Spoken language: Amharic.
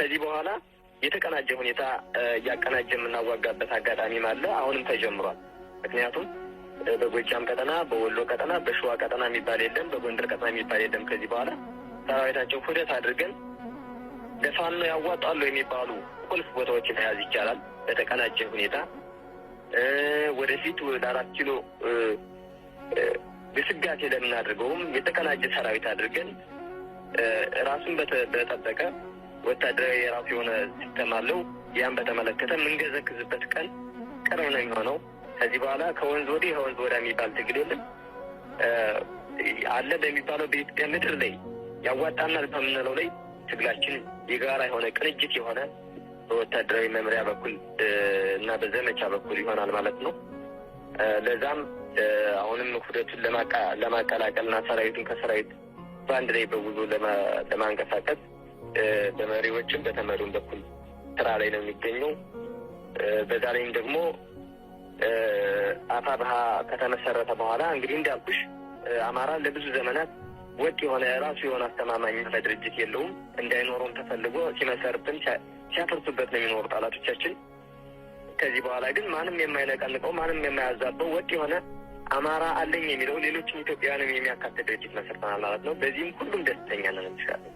ከዚህ በኋላ የተቀናጀ ሁኔታ እያቀናጀ የምናዋጋበት አጋጣሚም አለ። አሁንም ተጀምሯል። ምክንያቱም በጎጃም ቀጠና፣ በወሎ ቀጠና፣ በሸዋ ቀጠና የሚባል የለም፣ በጎንደር ቀጠና የሚባል የለም። ከዚህ በኋላ ሰራዊታቸው ሁደት አድርገን ለፋኖ ያዋጣሉ የሚባሉ ቁልፍ ቦታዎችን መያዝ ይቻላል። በተቀናጀ ሁኔታ ወደፊት ወደ አራት ኪሎ ግስጋሴ ለምናድርገውም የተቀናጀ ሰራዊት አድርገን ራሱን በተጠበቀ ወታደራዊ የራሱ የሆነ ሲስተም አለው። ያን በተመለከተ የምንገዘግዝበት ቀን ቅርብ ነው የሚሆነው። ከዚህ በኋላ ከወንዝ ወዲህ ከወንዝ ወዲያ የሚባል ትግል የለም። አለ በሚባለው በኢትዮጵያ ምድር ላይ ያዋጣናል በምንለው ላይ ትግላችን የጋራ የሆነ ቅንጅት የሆነ በወታደራዊ መምሪያ በኩል እና በዘመቻ በኩል ይሆናል ማለት ነው። ለዛም አሁንም ሁደቱን ለማቀላቀልና ሰራዊቱን ከሰራዊት በአንድ ላይ በጉዞ ለማንቀሳቀስ በመሪዎችም በተመሪውም በኩል ስራ ላይ ነው የሚገኘው። በዛ ላይም ደግሞ አፋብሃ ከተመሰረተ በኋላ እንግዲህ እንዳልኩሽ አማራ ለብዙ ዘመናት ወጥ የሆነ ራሱ የሆነ አስተማማኝ የሆነ ድርጅት የለውም። እንዳይኖረውም ተፈልጎ ሲመሰርብን ሲያፈርሱበት ነው የሚኖሩ ጠላቶቻችን። ከዚህ በኋላ ግን ማንም የማይነቀንቀው ማንም የማያዛበው ወጥ የሆነ አማራ አለኝ የሚለው ሌሎችም ኢትዮጵያውያንም የሚያካትት ድርጅት መሰርተናል ማለት ነው። በዚህም ሁሉም ደስተኛ ነን።